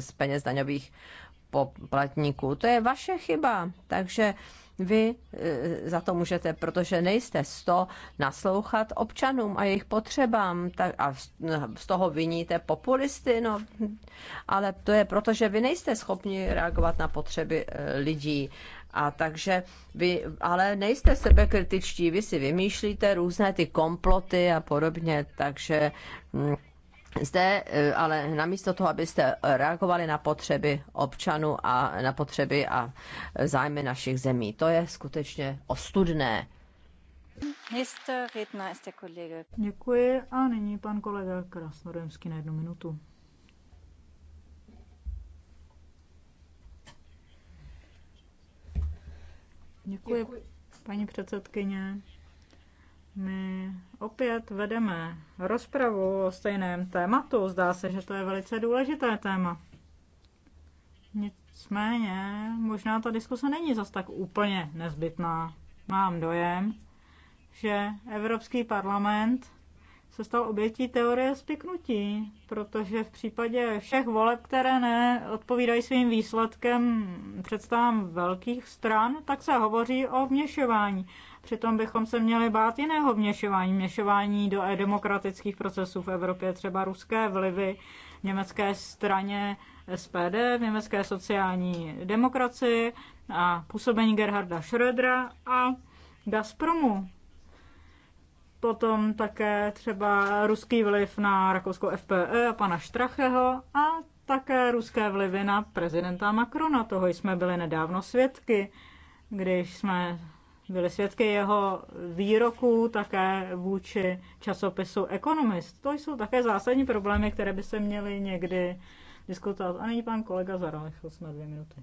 z peněz daňových poplatníků. To je vaše chyba, takže vy eh, za to můžete, protože nejste sto naslouchat občanům a jejich potřebám tak a eh, z toho viníte populisty, no, ale to je proto, že vy nejste schopni reagovat na potřeby eh, lidí. A takže vy ale nejste sebekritičtí, vy si vymýšlíte různé ty komploty a podobně, takže hm, zde e, ale namísto toho, abyste e, reagovali na potřeby občanů a na potřeby a e, zájmy našich zemí. To je skutečně ostudné. Děkuji a nyní pan kolega Krasnodemský na jednu minutu. Děkuji, Děkuji. paní předsedkyně. My opět vedeme rozpravu o stejném tématu. Zdá se, že to je velice důležité téma. Nicméně, možná ta diskuse není zas tak úplně nezbytná. Mám dojem, že Evropský parlament se stal obětí teorie spiknutí, protože v případě všech voleb, které neodpovídají svým výsledkem představám velkých stran, tak se hovoří o vměšování. Přitom bychom se měli bát jiného vměšování, vměšování do demokratických procesů v Evropě, třeba ruské vlivy v německé straně SPD, v německé sociální demokracii a působení Gerharda Schrödera a Gazpromu. Potom také třeba ruský vliv na rakouskou FPE a pana Štracheho a také ruské vlivy na prezidenta Macrona. Toho jsme byli nedávno svědky, když jsme byli svědky jeho výroků také vůči časopisu Economist. To jsou také zásadní problémy, které by se měly někdy diskutovat. A nyní pan kolega Zaranechil, jsme dvě minuty.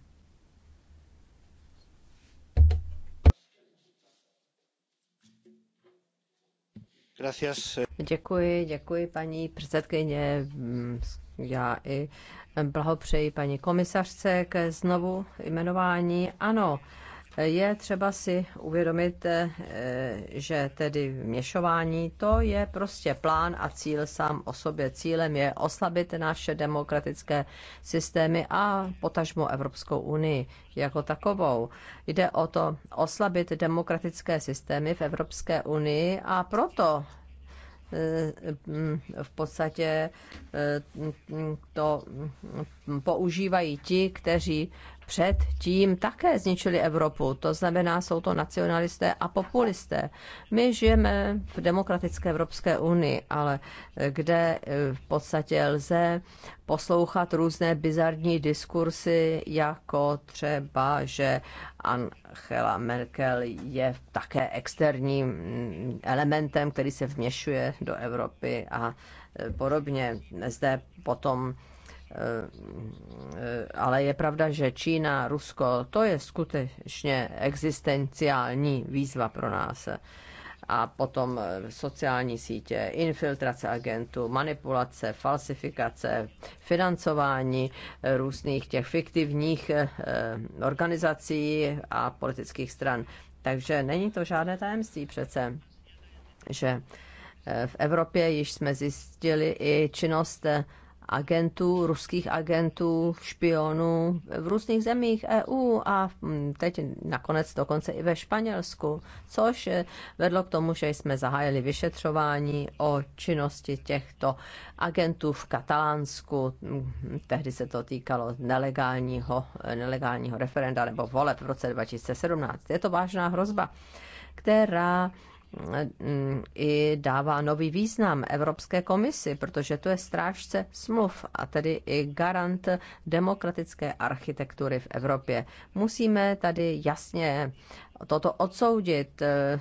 Děkuji, děkuji paní předsedkyně. Já i blahopřeji paní komisařce ke znovu jmenování. Ano, je třeba si uvědomit, eh, že tedy měšování to je prostě plán a cíl sám o sobě. Cílem je oslabit naše demokratické systémy a potažmo Evropskou unii jako takovou. Jde o to oslabit demokratické systémy v Evropské unii a proto eh, v podstatě eh, to používají ti, kteří předtím také zničili Evropu. To znamená, jsou to nacionalisté a populisté. My žijeme v demokratické Evropské unii, ale kde eh, v podstatě lze poslouchat různé bizarní diskursy, jako třeba, že Angela Merkel je také externím elementem, který se vměšuje do Evropy a eh, podobně. Zde potom Eh, eh, ale je pravda, že Čína, Rusko, to je skutečně existenciální výzva pro nás. A potom eh, sociální sítě, infiltrace agentů, manipulace, falsifikace, financování různých těch fiktivních organizací a politických stran. Takže není to žádné tajemství přece, že v Evropě již jsme zjistili i činnost agentů, ruských agentů, špionů v různých zemích EU a hm, teď nakonec dokonce i ve Španělsku, což vedlo k tomu, že jsme zahájili vyšetřování o činnosti těchto agentů v Katalánsku. Tehdy se to týkalo nelegálního, nelegálního referenda nebo voleb v roce 2017. Je to vážná hrozba, která i dává nový význam Evropské komisi, protože to je strážce smluv a tedy i garant demokratické architektury v Evropě. Musíme tady jasně toto odsoudit, eh,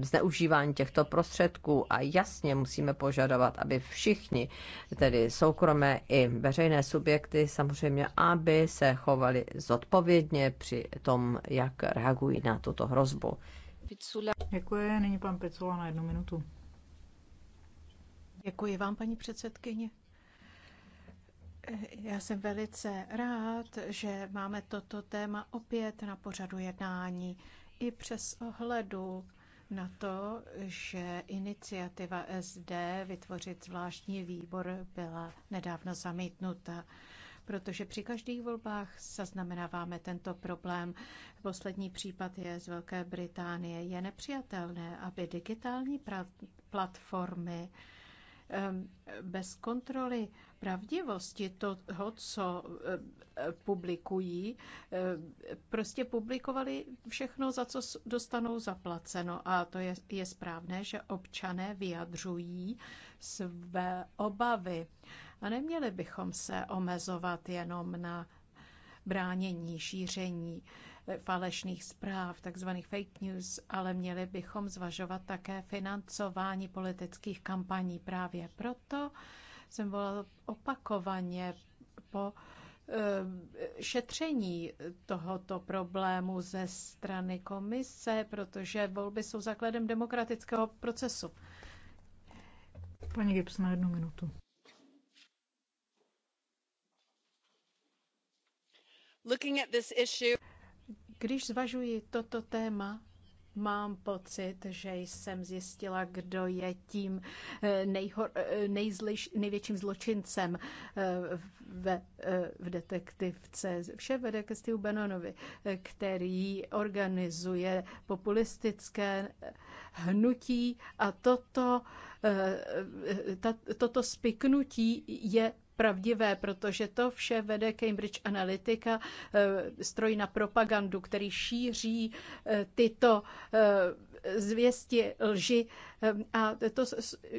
zneužívání těchto prostředků a jasně musíme požadovat, aby všichni, tedy soukromé i veřejné subjekty, samozřejmě, aby se chovali zodpovědně při tom, jak reagují na tuto hrozbu. Děkuji, nyní pan Picula na jednu minutu. Děkuji vám, paní předsedkyně. Já jsem velice rád, že máme toto téma opět na pořadu jednání. I přes ohledu na to, že iniciativa SD vytvořit zvláštní výbor byla nedávno zamítnuta protože při každých volbách zaznamenáváme tento problém. Poslední případ je z Velké Británie. Je nepřijatelné, aby digitální platformy bez kontroly pravdivosti toho, co publikují, prostě publikovali všechno, za co dostanou zaplaceno. A to je, je správné, že občané vyjadřují své obavy. A neměli bychom se omezovat jenom na bránění šíření eh, falešných zpráv, takzvaných fake news, ale měli bychom zvažovat také financování politických kampaní. Právě proto jsem volal opakovaně po eh, šetření tohoto problému ze strany komise, protože volby jsou základem demokratického procesu. Paní Gibson, na jednu minutu. Když zvažuji toto téma, mám pocit, že jsem zjistila, kdo je tím eh, nejhor, eh, nejzliš, největším zločincem eh, v, v detektivce. Vše vede ke Steve Bannonovi, který organizuje populistické hnutí a toto, ta, toto spiknutí je pravdivé, protože to vše vede Cambridge Analytica, eh, stroj na propagandu, který šíří eh, tyto eh, zvěsti lži. A to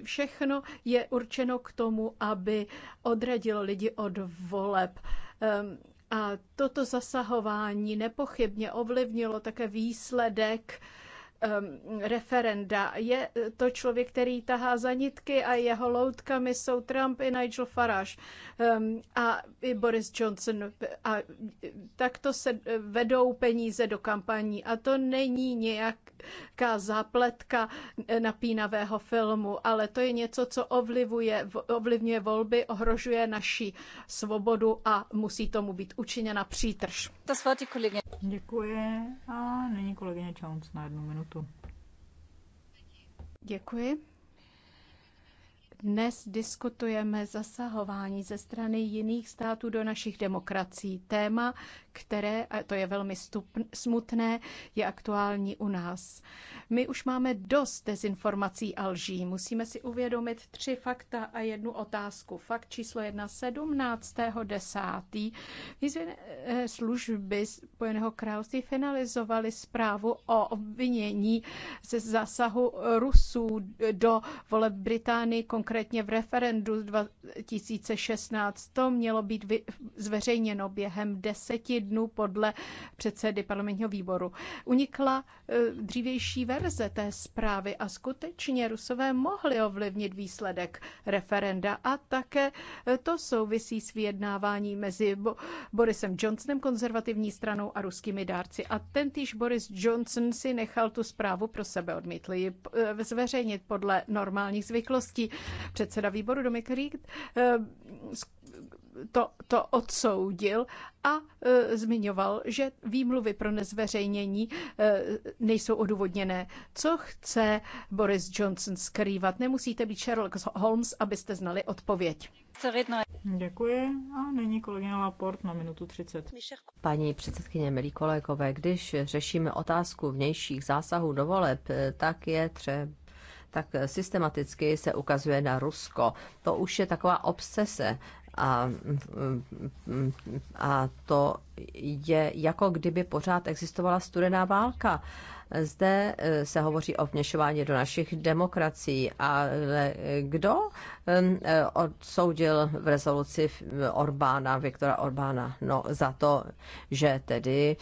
všechno je určeno k tomu, aby odradilo lidi od voleb. A toto zasahování nepochybně ovlivnilo také výsledek Um, referenda. Je to člověk, který tahá za nitky a jeho loutkami jsou Trump i Nigel Farage um, a i Boris Johnson. A takto se vedou peníze do kampaní a to není nějaká zápletka napínavého filmu, ale to je něco, co ovlivuje, ovlivňuje volby, ohrožuje naši svobodu a musí tomu být učiněna přítrž. Děkuji a nyní kolegyně Čaunc na jednu minutu. Děkuji. Dnes diskutujeme zasahování ze strany jiných států do našich demokracií. Téma, které, a to je velmi stupn, smutné, je aktuální u nás. My už máme dost dezinformací a lží. Musíme si uvědomit tři fakta a jednu otázku. Fakt číslo 1. 17.10. Eh, služby Spojeného království finalizovaly zprávu o obvinění ze zásahu Rusů do voleb Británii, konkrétně konkrétně v referendu 2016. To mělo být zveřejněno během deseti dnů podle předsedy parlamentního výboru. Unikla e, dřívější verze té zprávy a skutečně Rusové mohli ovlivnit výsledek referenda a také e, to souvisí s vyjednávání mezi Borisem Johnsonem, konzervativní stranou a ruskými dárci. A týž Boris Johnson si nechal tu zprávu pro sebe, odmítli e, zveřejnit podle normálních zvyklostí předseda výboru Dominik Rík eh, to, to odsoudil a e, zmiňoval, že výmluvy pro nezveřejnění e, nejsou odůvodněné. Co chce Boris Johnson skrývat? Nemusíte být Sherlock Holmes, abyste znali odpověď. Děkuji a nyní kolegyně Laport na minutu 30. Paní předsedkyně, milí kolegové, když řešíme otázku vnějších zásahů do voleb, tak je třeba tak systematicky se ukazuje na Rusko. To už je taková obsese a, a to je jako kdyby pořád existovala studená válka. Zde eh, se hovoří o vněšování do našich demokracií, ale kdo eh, odsoudil v rezoluci eh, Orbána, Viktora Orbána, no za to, že tedy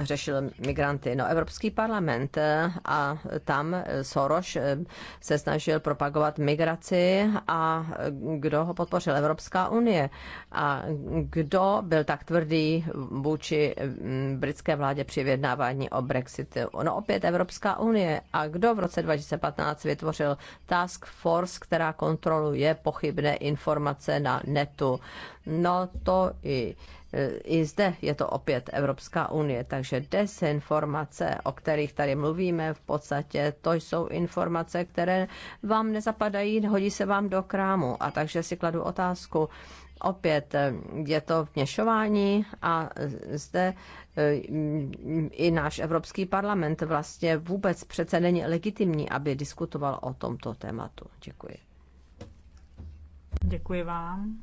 řešil migranty. No Evropský parlament a tam Soros se snažil propagovat migraci a kdo ho podpořil? Evropská unie. A kdo byl tak tvrdý vůči mm, britské vládě při vyjednávání o Brexitu? Brexit. Ono opět Evropská unie. A kdo v roce 2015 vytvořil task force, která kontroluje pochybné informace na netu? No to i i zde je to opět Evropská unie, takže desinformace, o kterých tady mluvíme, v podstatě to jsou informace, které vám nezapadají, hodí se vám do krámu. A takže si kladu otázku, opět eh, je to vněšování a zde eh, i náš Evropský parlament vlastně vůbec přece není legitimní, aby diskutoval o tomto tématu. Děkuji. Děkuji vám.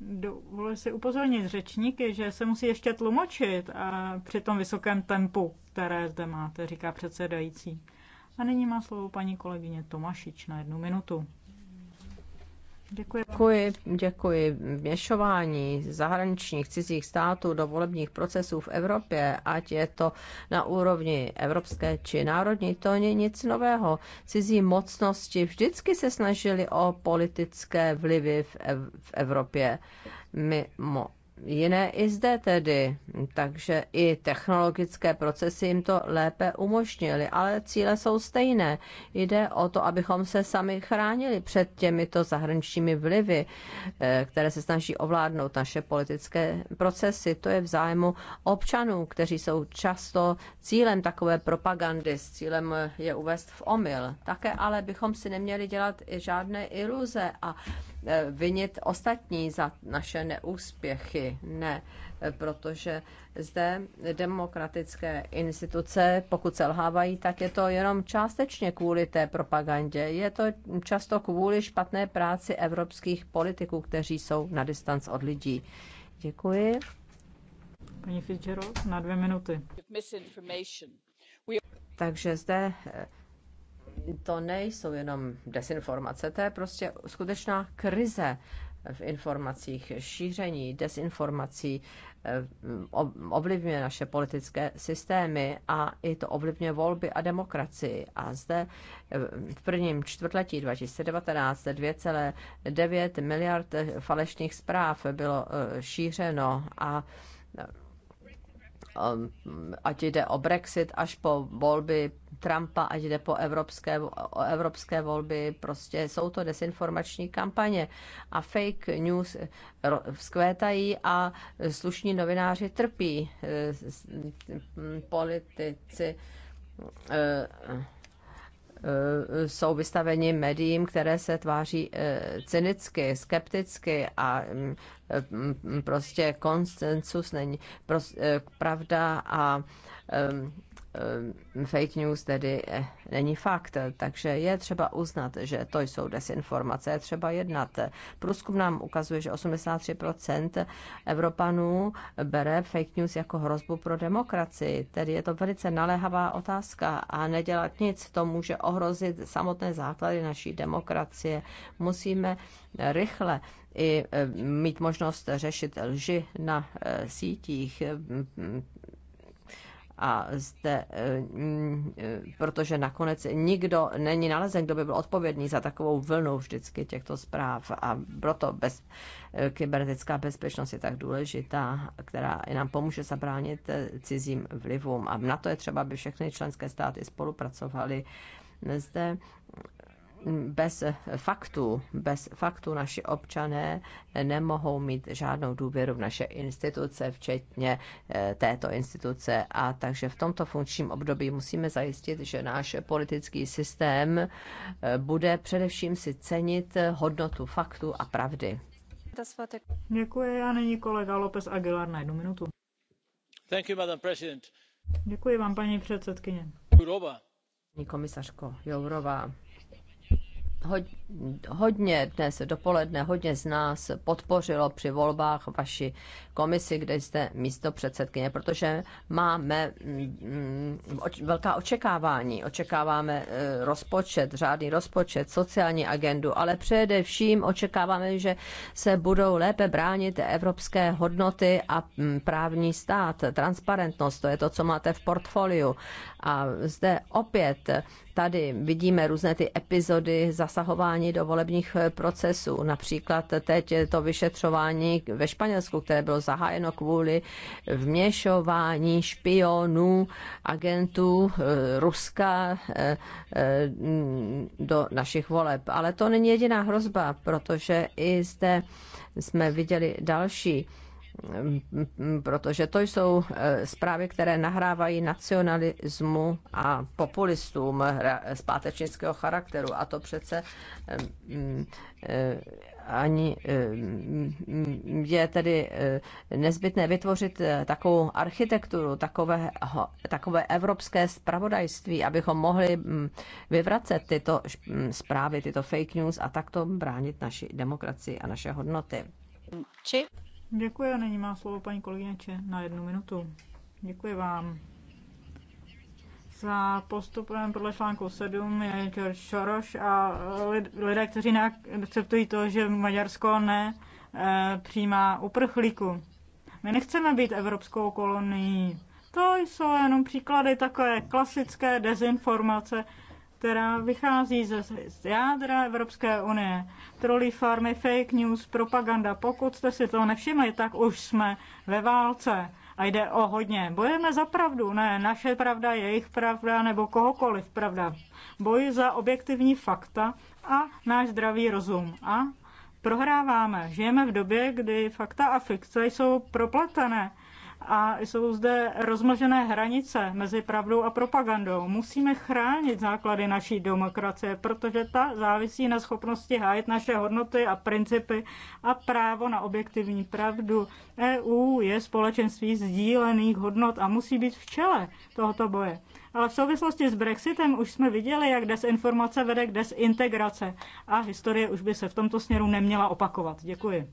Dovoluji si upozornit řečníky, že se musí ještě tlumočit a eh, při tom vysokém tempu, které zde máte, říká předsedající. A nyní má slovo paní kolegyně Tomašič na jednu minutu. Děkuji. Děkuji, děkuji. Měšování zahraničních cizích států do volebních procesů v Evropě, ať je to na úrovni evropské či národní, to není nic nového. Cizí mocnosti vždycky se snažili o politické vlivy v, Evropě. Mimo jiné i zde tedy. Takže i technologické procesy jim to lépe umožnily, ale cíle jsou stejné. Jde o to, abychom se sami chránili před těmito zahraničními vlivy, eh, které se snaží ovládnout naše politické procesy. To je v zájmu občanů, kteří jsou často cílem takové propagandy, s cílem je uvést v omyl. Také ale bychom si neměli dělat žádné iluze a Eh, vinit ostatní za naše neúspěchy. Ne, eh, protože zde demokratické instituce, pokud selhávají, tak je to jenom částečně kvůli té propagandě. Je to často kvůli špatné práci evropských politiků, kteří jsou na distanc od lidí. Děkuji. Paní Fitzgerald, na dvě minuty. Takže zde eh, to nejsou jenom desinformace, to je prostě skutečná krize v informacích, šíření desinformací eh, ovlivňuje naše politické systémy a i to ovlivňuje volby a demokracii. A zde eh, v prvním čtvrtletí 2019 2,9 miliard falešných zpráv bylo eh, šířeno a Um, ať jde o Brexit, až po volby Trumpa, ať jde po evropské, o evropské volby, prostě jsou to desinformační kampaně a fake news vzkvétají a slušní novináři trpí, eh, politici eh, Eh, jsou vystaveni médiím, které se tváří eh, cynicky, skepticky a mm, mm, prostě konsensus není eh, pravda a Ehm, fake news tedy eh, není fakt, takže je třeba uznat, že to jsou desinformace, je třeba jednat. Průzkum nám ukazuje, že 83% Evropanů bere fake news jako hrozbu pro demokracii, tedy je to velice naléhavá otázka a nedělat nic, to může ohrozit samotné základy naší demokracie. Musíme rychle i eh, mít možnost řešit lži na eh, sítích, a zde, e, e, protože nakonec nikdo není nalezen, kdo by byl odpovědný za takovou vlnu vždycky těchto zpráv a proto bez, e, kybernetická bezpečnost je tak důležitá, která i nám pomůže zabránit cizím vlivům a na to je třeba, aby všechny členské státy spolupracovaly zde bez faktů, bez faktů naši občané nemohou mít žádnou důvěru v naše instituce, včetně eh, této instituce. A takže v tomto funkčním období musíme zajistit, že náš politický systém eh, bude především si cenit hodnotu faktů a pravdy. Děkuji a nyní kolega López Aguilar na jednu minutu. Thank you, Madam President. Děkuji vám, paní předsedkyně. Jurova. Komisařko Jourová, hogy hodně dnes dopoledne, hodně z nás podpořilo při volbách vaši komisi, kde jste místo předsedkyně, protože máme mm, velká očekávání. Očekáváme eh, rozpočet, řádný rozpočet, sociální agendu, ale především očekáváme, že se budou lépe bránit evropské hodnoty a mm, právní stát, transparentnost, to je to, co máte v portfoliu. A zde opět tady vidíme různé ty epizody zasahování zasahování do volebních eh, procesů. Například teď je to vyšetřování ve Španělsku, které bylo zahájeno kvůli vměšování špionů, agentů eh, Ruska eh, do našich voleb. Ale to není jediná hrozba, protože i zde jsme viděli další protože to jsou eh, zprávy, které nahrávají nacionalismu a populistům zpátečnického charakteru. A to přece eh, mm, eh, ani je tedy nezbytné vytvořit takovou architekturu, takové, takové evropské spravodajství, abychom mohli mm, vyvracet tyto mm, zprávy, tyto fake news a takto bránit naši demokracii a naše hodnoty. Či? Děkuji a nyní má slovo paní kolegyně na jednu minutu. Děkuji vám. Za postupem podle článku 7 je George Soros a lidé, kteří neakceptují to, že Maďarsko ne e, přijímá uprchlíku. My nechceme být evropskou kolonií. To jsou jenom příklady takové klasické dezinformace, která vychází ze z jádra Evropské unie. Trolley farmy, fake news, propaganda. Pokud jste si toho nevšimli, tak už jsme ve válce a jde o hodně. Bojujeme za pravdu, ne naše pravda, jejich pravda nebo kohokoliv pravda. Boj za objektivní fakta a náš zdravý rozum. A prohráváme. Žijeme v době, kdy fakta a fikce jsou propletené a jsou zde rozmlžené hranice mezi pravdou a propagandou. Musíme chránit základy naší demokracie, protože ta závisí na schopnosti hájit naše hodnoty a principy a právo na objektivní pravdu. EU je společenství sdílených hodnot a musí být v čele tohoto boje. Ale v souvislosti s Brexitem už jsme viděli, jak desinformace vede k desintegrace a historie už by se v tomto směru neměla opakovat. Děkuji.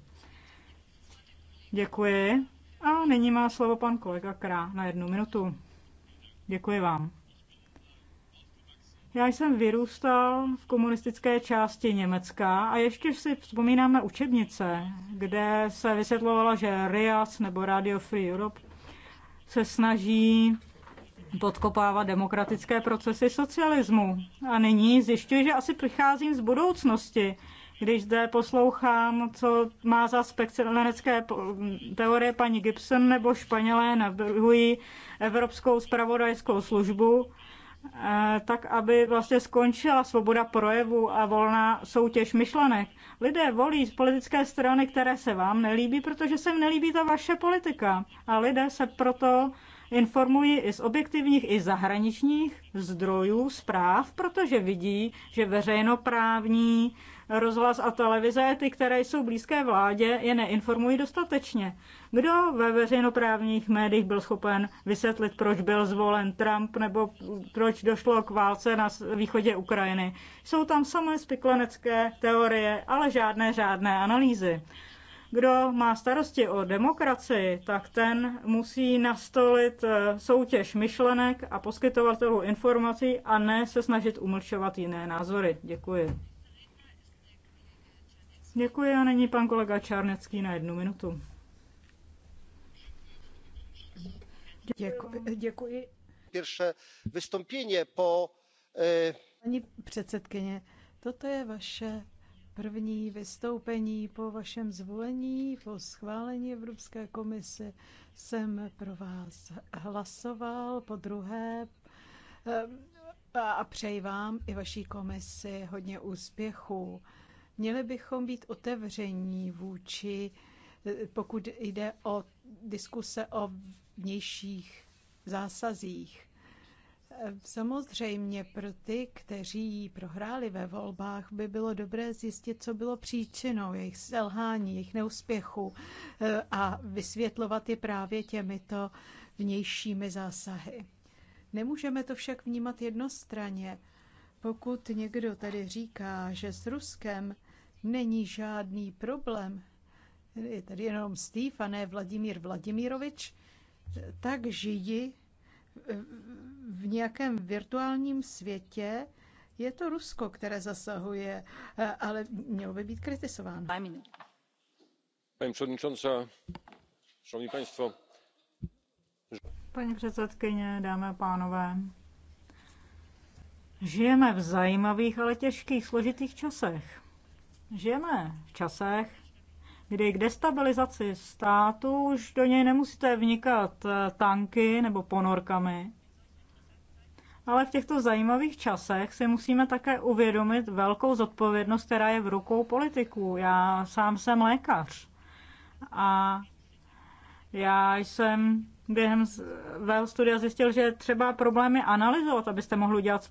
Děkuji. A nyní má slovo pan kolega Krá na jednu minutu. Děkuji vám. Já jsem vyrůstal v komunistické části Německa a ještě si vzpomínám na učebnice, kde se vysvětlovalo, že RIAS nebo Radio Free Europe se snaží podkopávat demokratické procesy socialismu. A nyní zjišťuji, že asi přicházím z budoucnosti, když zde poslouchám, co má za spekulanecké teorie paní Gibson nebo Španělé navrhují Evropskou spravodajskou službu, eh, tak aby vlastně skončila svoboda projevu a volná soutěž myšlenek. Lidé volí z politické strany, které se vám nelíbí, protože se jim nelíbí ta vaše politika. A lidé se proto informují i z objektivních, i zahraničních zdrojů zpráv, protože vidí, že veřejnoprávní rozhlas a televize, ty, které jsou blízké vládě, je neinformují dostatečně. Kdo ve veřejnoprávních médiích byl schopen vysvětlit, proč byl zvolen Trump nebo proč došlo k válce na východě Ukrajiny? Jsou tam samé spiklenecké teorie, ale žádné řádné analýzy. Kdo má starosti o demokracii, tak ten musí nastolit eh, soutěž myšlenek a poskytovatelů informací a ne se snažit umlčovat jiné názory. Děkuji. Děkuji a není pan kolega Čárnecký na jednu minutu. Děkuji. Děkuji. Pierwsze wystąpienie po. E, Pani předsedkyně, toto je vaše První vystoupení po vašem zvolení, po schválení Evropské komise jsem pro vás hlasoval, po druhé eh, a přeji vám i vaší komisi hodně úspěchů. Měli bychom být otevření vůči, eh, pokud jde o diskuse o vnějších zásazích. Samozřejmě pro ty, kteří ji prohráli ve volbách, by bylo dobré zjistit, co bylo příčinou jejich selhání, jejich neúspěchu eh, a vysvětlovat je právě těmito vnějšími zásahy. Nemůžeme to však vnímat jednostranně. Pokud někdo tady říká, že s Ruskem není žádný problém, je tady jenom Steve a ne Vladimír Vladimirovič, tak židi v nějakém virtuálním světě je to Rusko, které zasahuje, ale mělo by být kritizováno. Paní předsedkyně, šanovní państwo. Paní předsedkyně, dámy a pánové, žijeme v zajímavých, ale těžkých, složitých časech. Žijeme v časech, kdy k destabilizaci státu už do něj nemusíte vnikat eh, tanky nebo ponorkami. Ale v těchto zajímavých časech si musíme také uvědomit velkou zodpovědnost, která je v rukou politiků. Já sám jsem lékař a já jsem během svého studia zjistil, že třeba problémy analyzovat, abyste mohli udělat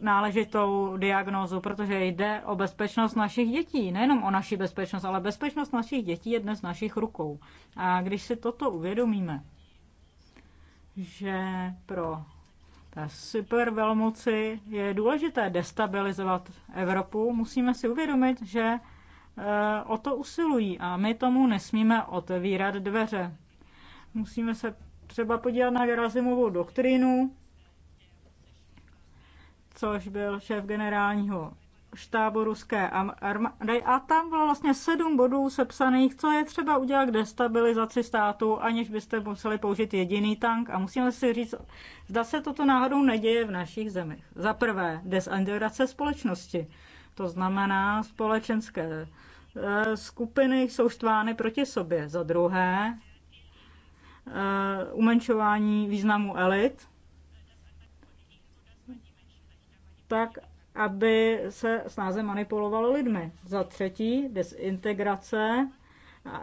náležitou diagnózu, protože jde o bezpečnost našich dětí. Nejenom o naši bezpečnost, ale bezpečnost našich dětí je dnes našich rukou. A když si toto uvědomíme, že pro supervelmoci je důležité destabilizovat Evropu, musíme si uvědomit, že e, o to usilují a my tomu nesmíme otevírat dveře musíme se třeba podívat na Gerasimovou doktrínu, což byl šéf generálního štábu ruské armády. A tam bylo vlastně sedm bodů sepsaných, co je třeba udělat k destabilizaci státu, aniž byste museli použít jediný tank. A musíme si říct, zda se toto náhodou neděje v našich zemích. Za prvé, desintegrace společnosti. To znamená, společenské eh, skupiny jsou štvány proti sobě. Za druhé, Eh, umenšování významu elit, tak aby se snáze manipulovalo lidmi. Za třetí, desintegrace eh,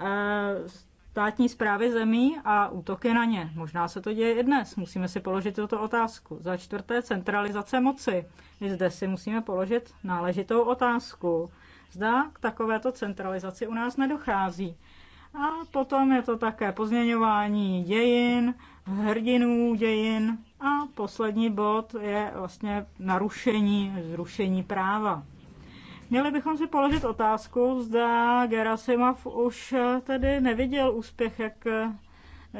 státní zprávy zemí a útoky na ně. Možná se to děje i dnes, musíme si položit tuto otázku. Za čtvrté, centralizace moci. I zde si musíme položit náležitou otázku. Zda k takovéto centralizaci u nás nedochází. A potom je to také pozměňování dějin, hrdinů dějin a poslední bod je vlastně narušení, zrušení práva. Měli bychom si položit otázku, zda Gerasimov už eh, tedy neviděl úspěch, jak eh,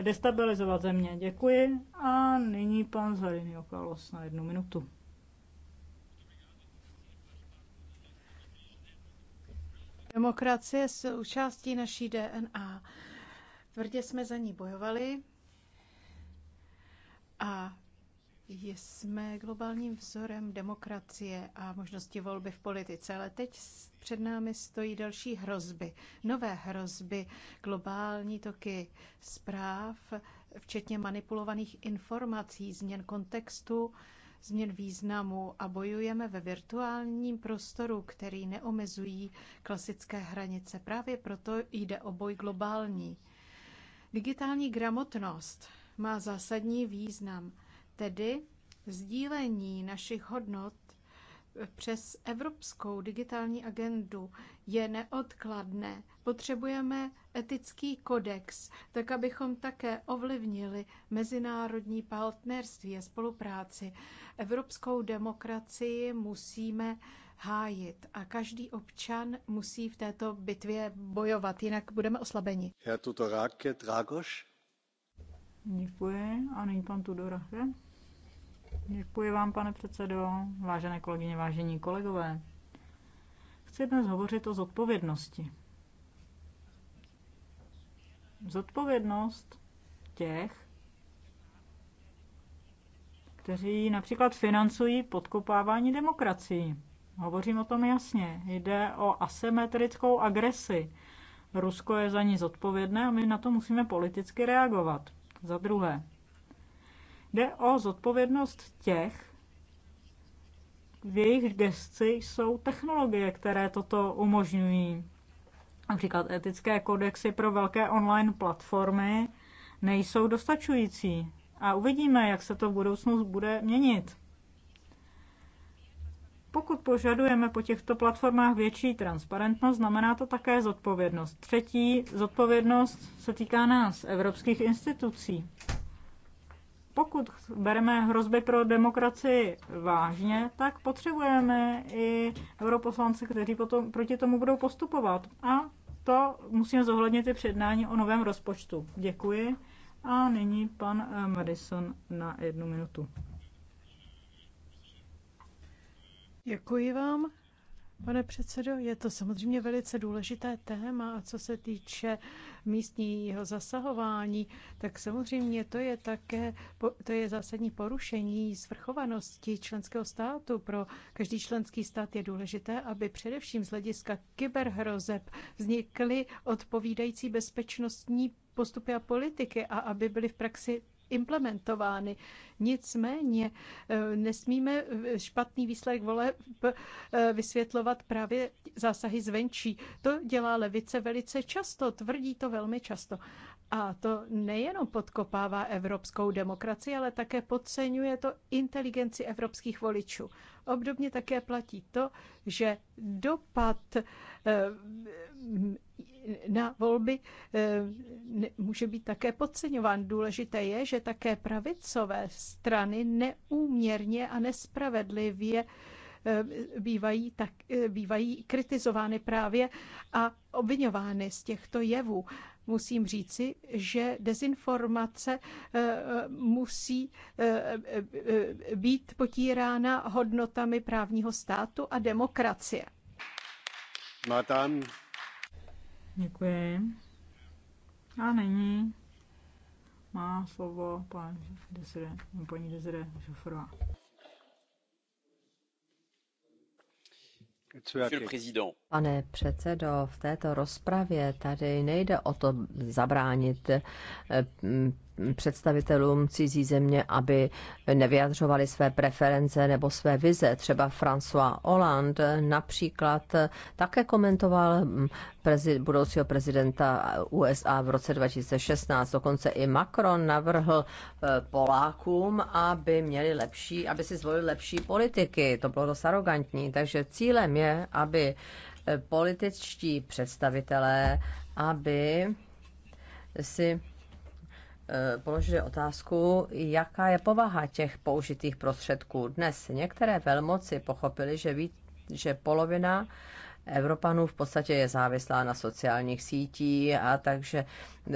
destabilizovat země. Děkuji a nyní pan Zarinio okalos na jednu minutu. Demokracie je součástí naší DNA. Tvrdě jsme za ní bojovali a jsme globálním vzorem demokracie a možnosti volby v politice, ale teď před námi stojí další hrozby, nové hrozby, globální toky zpráv, včetně manipulovaných informací, změn kontextu, změn významu a bojujeme ve virtuálním prostoru, který neomezují klasické hranice. Právě proto jde o boj globální. Digitální gramotnost má zásadní význam, tedy sdílení našich hodnot přes evropskou digitální agendu je neodkladné. Potřebujeme etický kodex, tak abychom také ovlivnili mezinárodní partnerství a spolupráci. Evropskou demokracii musíme hájit a každý občan musí v této bitvě bojovat, jinak budeme oslabeni. Herr Tudoráke, Dragoš. Děkuji. A nyní pan Tudor. Děkuji vám, pane předsedo, vážené kolegyně, vážení kolegové. Chci dnes hovořit o zodpovědnosti. Zodpovědnost těch, kteří například financují podkopávání demokracií. Hovořím o tom jasně. Jde o asymetrickou agresi. Rusko je za ní zodpovědné a my na to musíme politicky reagovat. Za druhé, Jde o zodpovědnost těch, v jejich gesci jsou technologie, které toto umožňují. Například etické kodexy pro velké online platformy nejsou dostačující. A uvidíme, jak se to v budoucnu bude měnit. Pokud požadujeme po těchto platformách větší transparentnost, znamená to také zodpovědnost. Třetí zodpovědnost se týká nás, evropských institucí pokud bereme hrozby pro demokracii vážně, tak potřebujeme i europoslance, kteří potom proti tomu budou postupovat. A to musíme zohlednit i přednání o novém rozpočtu. Děkuji. A nyní pan eh, Madison na jednu minutu. Děkuji vám. Pane předsedo, je to samozřejmě velice důležité téma a co se týče místního zasahování, tak samozřejmě to je také to je zásadní porušení svrchovanosti členského státu. Pro každý členský stát je důležité, aby především z hlediska kyberhrozeb vznikly odpovídající bezpečnostní postupy a politiky a aby byly v praxi implementovány. Nicméně eh, nesmíme eh, špatný výsledek voleb eh, vysvětlovat právě zásahy zvenčí. To dělá levice velice často, tvrdí to velmi často. A to nejenom podkopává evropskou demokracii, ale také podceňuje to inteligenci evropských voličů. Obdobně také platí to, že dopad na volby eh, může být také podceňován. Důležité je, že také pravicové strany neúměrně a nespravedlivě eh, bývají, tak, eh, bývají kritizovány právě a obvinovány z těchto jevů. Musím říci, že dezinformace musí být potírána hodnotami právního státu a demokracie. Madame Děkuji. A nyní má slovo pan Desire, paní Desire Šoforová. Pane předsedo, v této rozpravě tady nejde o to zabránit eh, představitelům cizí země, aby nevyjadřovali své preference nebo své vize. Třeba François Hollande například také komentoval prezid, budoucího prezidenta USA v roce 2016. Dokonce i Macron navrhl eh, Polákům, aby měli lepší, aby si zvolili lepší politiky. To bylo dost arrogantní. Takže cílem je, aby eh, političtí představitelé, aby si Eh, položili otázku, jaká je povaha těch použitých prostředků. Dnes některé velmoci pochopili, že, ví, že polovina Evropanů v podstatě je závislá na sociálních sítí a takže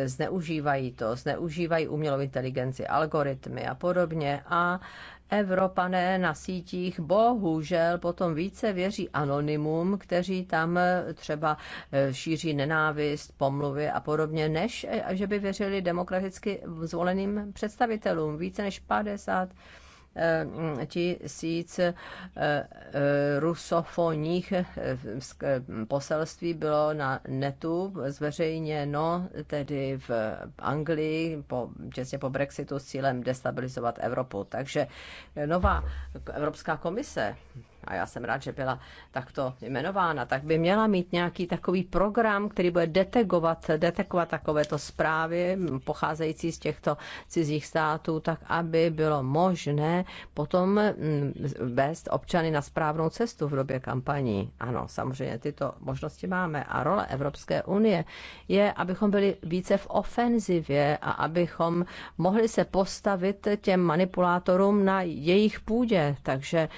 zneužívají to, zneužívají umělou inteligenci, algoritmy a podobně a Evropané na sítích bohužel potom více věří anonymům, kteří tam eh, třeba eh, šíří nenávist, pomluvy a podobně, než eh, že by věřili demokraticky zvoleným představitelům. Více než 50 tisíc eh, eh, rusofonních eh, poselství bylo na netu zveřejněno tedy v Anglii po, těsně po Brexitu s cílem destabilizovat Evropu. Takže nová Evropská komise a já jsem rád, že byla takto jmenována, tak by měla mít nějaký takový program, který bude detekovat, detekovat takovéto zprávy pocházející z těchto cizích států, tak aby bylo možné potom mm, vést občany na správnou cestu v době kampaní. Ano, samozřejmě tyto možnosti máme a role Evropské unie je, abychom byli více v ofenzivě a abychom mohli se postavit těm manipulátorům na jejich půdě. Takže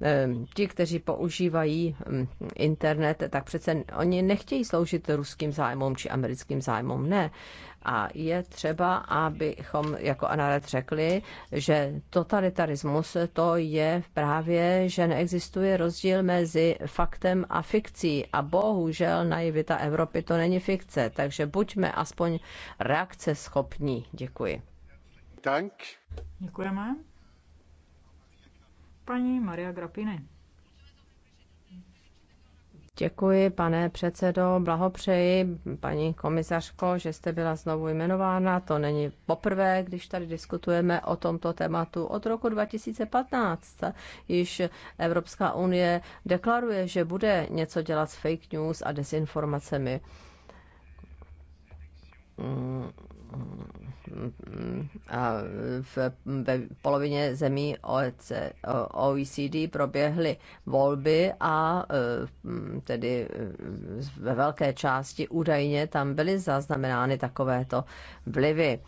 Ehm, ti, kteří používají ehm, internet, tak přece oni nechtějí sloužit ruským zájmům či americkým zájmům, ne. A je třeba, abychom jako Anaret řekli, že totalitarismus to je právě, že neexistuje rozdíl mezi faktem a fikcí. A bohužel naivita Evropy to není fikce, takže buďme aspoň reakce schopní. Děkuji. Dank. Děkujeme. Paní Maria Grapiny. Děkuji, pane předsedo, blahopřeji, paní komisařko, že jste byla znovu jmenována. To není poprvé, když tady diskutujeme o tomto tématu. Od roku 2015 již Evropská unie deklaruje, že bude něco dělat s fake news a dezinformacemi a v, ve polovině zemí OECD e proběhly volby a e, tedy e, ve velké části údajně tam byly zaznamenány takovéto vlivy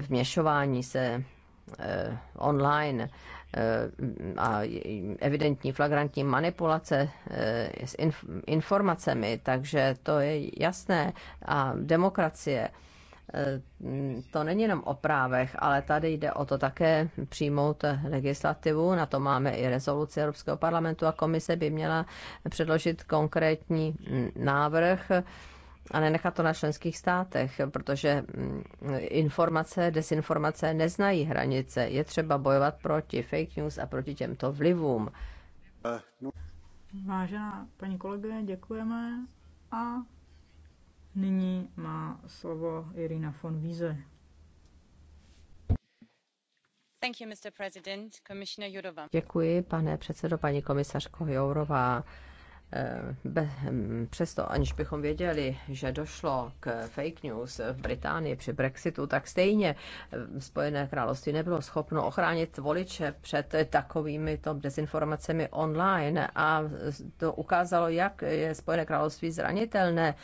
vměšování se online a evidentní flagrantní manipulace s informacemi, takže to je jasné. A demokracie Eh, to není jenom o právech, ale tady jde o to také přijmout legislativu. Na to máme i rezoluci Evropského parlamentu a komise by měla předložit konkrétní návrh a nenechat to na členských státech, protože mm, informace, desinformace neznají hranice. Je třeba bojovat proti fake news a proti těmto vlivům. Eh, no. Vážená paní kolegyně, děkujeme a Nyní má slovo Irina von Wiese. Děkuji, pane předsedo, paní komisařko Jourová. Eh, hm, přesto aniž bychom věděli, že došlo k fake news v Británii při Brexitu, tak stejně eh, Spojené království nebylo schopno ochránit voliče před takovými to dezinformacemi online a to ukázalo, jak je Spojené království zranitelné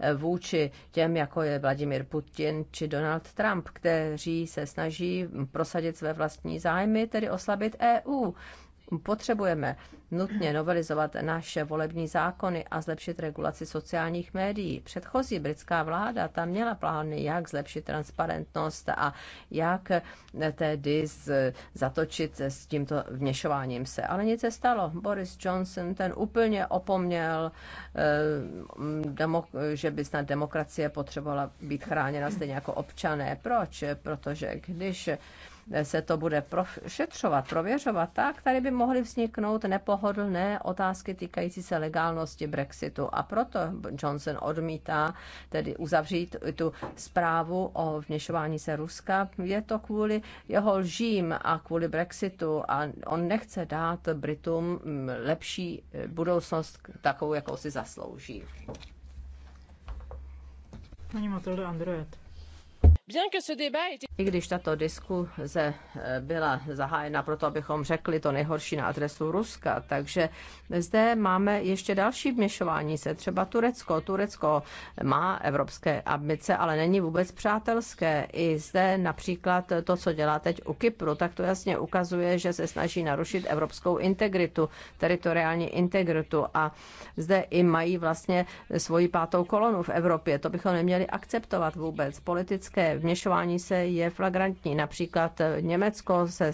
eh, vůči těm, jako je Vladimir Putin či Donald Trump, kteří se snaží prosadit své vlastní zájmy, tedy oslabit EU. Potřebujeme nutně novelizovat naše volební zákony a zlepšit regulaci sociálních médií. Předchozí britská vláda tam měla plány, jak zlepšit transparentnost a jak tedy z, zatočit s tímto vněšováním se. Ale nic se stalo. Boris Johnson ten úplně opomněl, eh, že by snad demokracie potřebovala být chráněna stejně jako občané. Proč? Protože když se to bude prošetřovat, prověřovat, tak tady by mohly vzniknout nepohodlné otázky týkající se legálnosti Brexitu. A proto Johnson odmítá tedy uzavřít tu zprávu o vněšování se Ruska. Je to kvůli jeho lžím a kvůli Brexitu a on nechce dát Britům lepší budoucnost takovou, jakou si zaslouží. Paní Matilda Andrejet. I když tato diskuze eh, byla zahájena proto, abychom řekli to nejhorší na adresu Ruska, takže zde máme ještě další vměšování se, třeba Turecko. Turecko má evropské ambice, ale není vůbec přátelské. I zde například to, co dělá teď u Kypru, tak to jasně ukazuje, že se snaží narušit evropskou integritu, teritoriální integritu a zde i mají vlastně svoji pátou kolonu v Evropě. To bychom neměli akceptovat vůbec. Politické vměšování se je flagrantní. Například Německo se,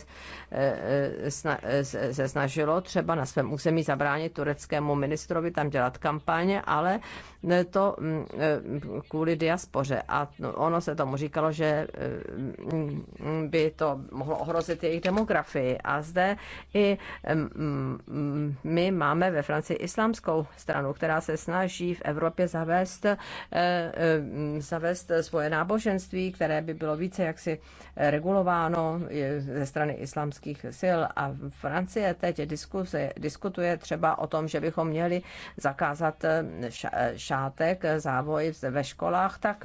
eh, eh, se snažilo třeba na svém území zabránit tureckému ministrovi tam dělat kampaně, ale to mm, eh, kvůli diaspoře. A ono se tomu říkalo, že mm, by to mohlo ohrozit jejich demografii. A zde i mm, my máme ve Francii islámskou stranu, která se snaží v Evropě zavést, zavést svoje náboženství, které by bylo více jaksi eh, regulováno ze strany islamských sil. A Francie teď diskuse, diskutuje třeba o tom, že bychom měli zakázat eh, eh, šátek, závoj ve školách, tak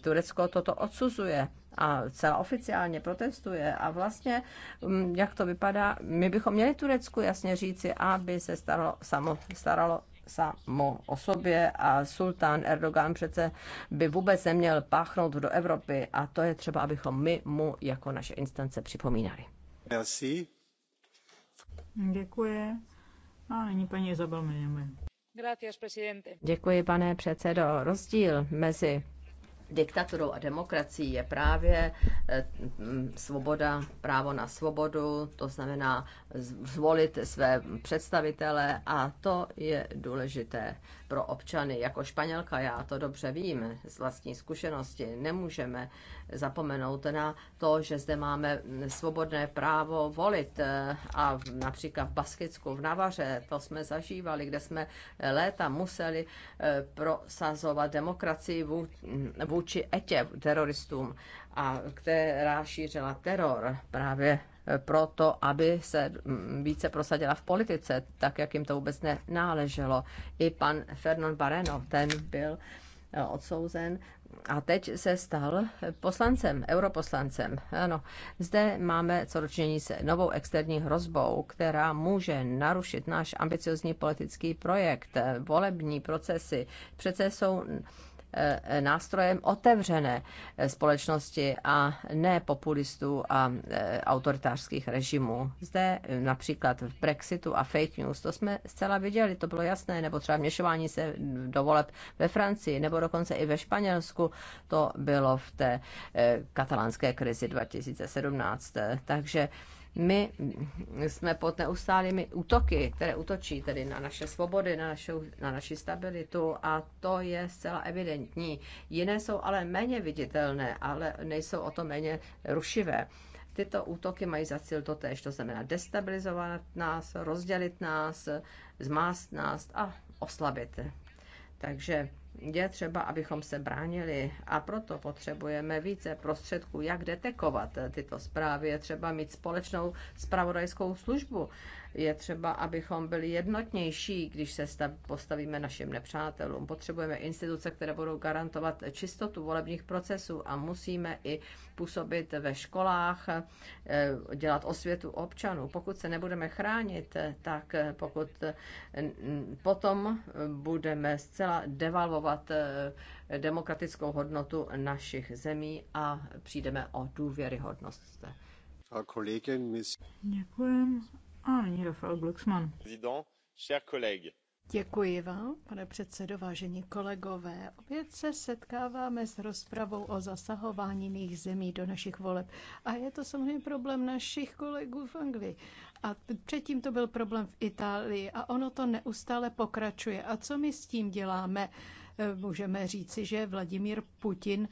Turecko toto odsuzuje a celá oficiálně protestuje a vlastně, mm, jak to vypadá, my bychom měli Turecku jasně říci, aby se staralo, samo staralo samo o sobě a sultán Erdogan přece by vůbec neměl páchnout do Evropy a to je třeba, abychom my mu jako naše instance připomínali. Merci. Děkuji. A nyní paní Izabel Děkuji, pane předsedo. Rozdíl mezi diktaturou a demokracií je právě eh, svoboda, právo na svobodu, to znamená zvolit své představitele a to je důležité pro občany. Jako Španělka já to dobře vím z vlastní zkušenosti. Nemůžeme zapomenout na to, že zde máme svobodné právo volit eh, a například v Baskicku, v Navaře, to jsme zažívali, kde jsme eh, léta museli prosazovat demokracii vůči vůči etě, teroristům, a která šířila teror právě proto, aby se více prosadila v politice, tak jak jim to vůbec náleželo. I pan Fernand Bareno, ten byl eh, odsouzen a teď se stal poslancem, europoslancem. Ano, zde máme co dočinění se novou externí hrozbou, která může narušit náš ambiciozní politický projekt, eh, volební procesy. Přece jsou Eh, nástrojem otevřené společnosti a ne populistů a eh, autoritářských režimů. Zde eh, například v Brexitu a fake news, to jsme zcela viděli, to bylo jasné, nebo třeba měšování se do voleb ve Francii, nebo dokonce i ve Španělsku, to bylo v té katalánské krizi 2017. Takže my jsme pod neustálými útoky, které útočí tedy na naše svobody, na, našu, na naši stabilitu a to je zcela evidentní. Jiné jsou ale méně viditelné, ale nejsou o to méně rušivé. Tyto útoky mají za cíl to tež, to znamená destabilizovat nás, rozdělit nás, zmást nás a oslabit. Takže je třeba, abychom se bránili a proto potřebujeme více prostředků, jak detekovat tyto zprávy. Je třeba mít společnou spravodajskou službu je třeba, abychom byli jednotnější, když se stav, postavíme našim nepřátelům. Potřebujeme instituce, které budou garantovat čistotu volebních procesů a musíme i působit ve školách, eh, dělat osvětu občanů. Pokud se nebudeme chránit, eh, tak eh, pokud potom budeme zcela devalvovat demokratickou hodnotu našich zemí a přijdeme o důvěryhodnost. Děkuji. A nyní Rafael Glucksmann. Děkuji vám, pane předsedo, vážení kolegové. Opět se setkáváme s rozpravou o zasahování jiných zemí do našich voleb. A je to samozřejmě problém našich kolegů v Anglii. A předtím to byl problém v Itálii a ono to neustále pokračuje. A co my s tím děláme? Můžeme říci, že Vladimír Putin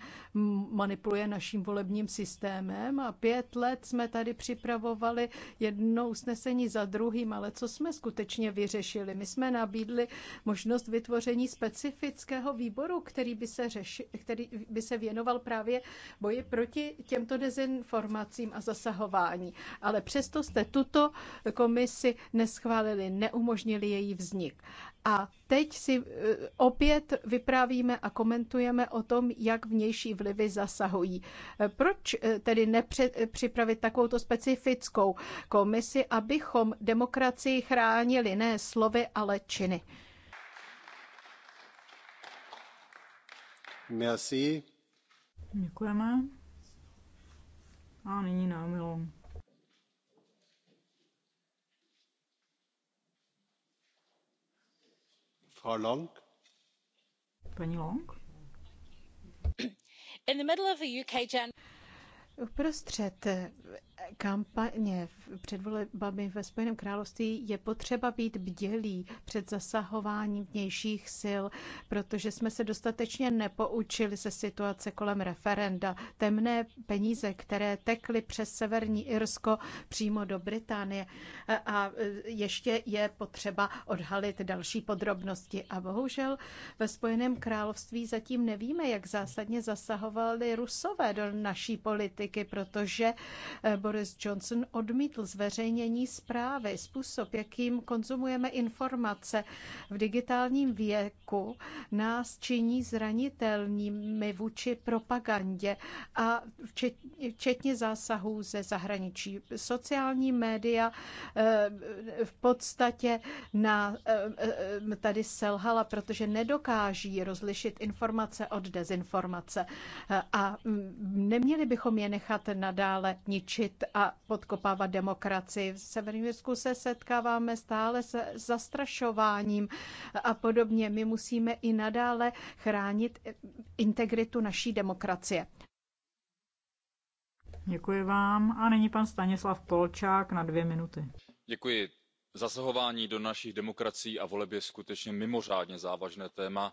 manipuluje naším volebním systémem a pět let jsme tady připravovali jedno usnesení za druhým, ale co jsme skutečně vyřešili? My jsme nabídli možnost vytvoření specifického výboru, který by se, řeši, který by se věnoval právě boji proti těmto dezinformacím a zasahování. Ale přesto jste tuto komisi neschválili, neumožnili její vznik. A teď si eh, opět vy vyprávíme a komentujeme o tom, jak vnější vlivy zasahují. Proč eh, tedy nepřipravit takovou specifickou komisi, abychom demokracii chránili ne slovy, ale činy? Merci. Děkujeme. A nyní nám Milon. Frau Long. Paní Long? Uprostřed kampaně před volbami ve Spojeném království je potřeba být bdělý před zasahováním vnějších sil, protože jsme se dostatečně nepoučili se situace kolem referenda. Temné peníze, které tekly přes severní Irsko přímo do Británie a ještě je potřeba odhalit další podrobnosti. A bohužel ve Spojeném království zatím nevíme, jak zásadně zasahovali Rusové do naší politiky, protože eh, Boris Johnson odmítl zveřejnění zprávy. Způsob, jakým konzumujeme informace v digitálním věku, nás činí zranitelnými vůči propagandě a včetně zásahů ze zahraničí. Sociální média eh, v podstatě na, eh, eh, tady selhala, protože nedokáží rozlišit informace od dezinformace. A mm, neměli bychom je nechat nadále ničit mít a podkopávat demokracii. V Severním Jirsku se setkáváme stále s zastrašováním a podobně. My musíme i nadále chránit integritu naší demokracie. Děkuji vám. A nyní pan Stanislav Polčák na dvě minuty. Děkuji. Zasahování do našich demokracií a voleb je skutečně mimořádně závažné téma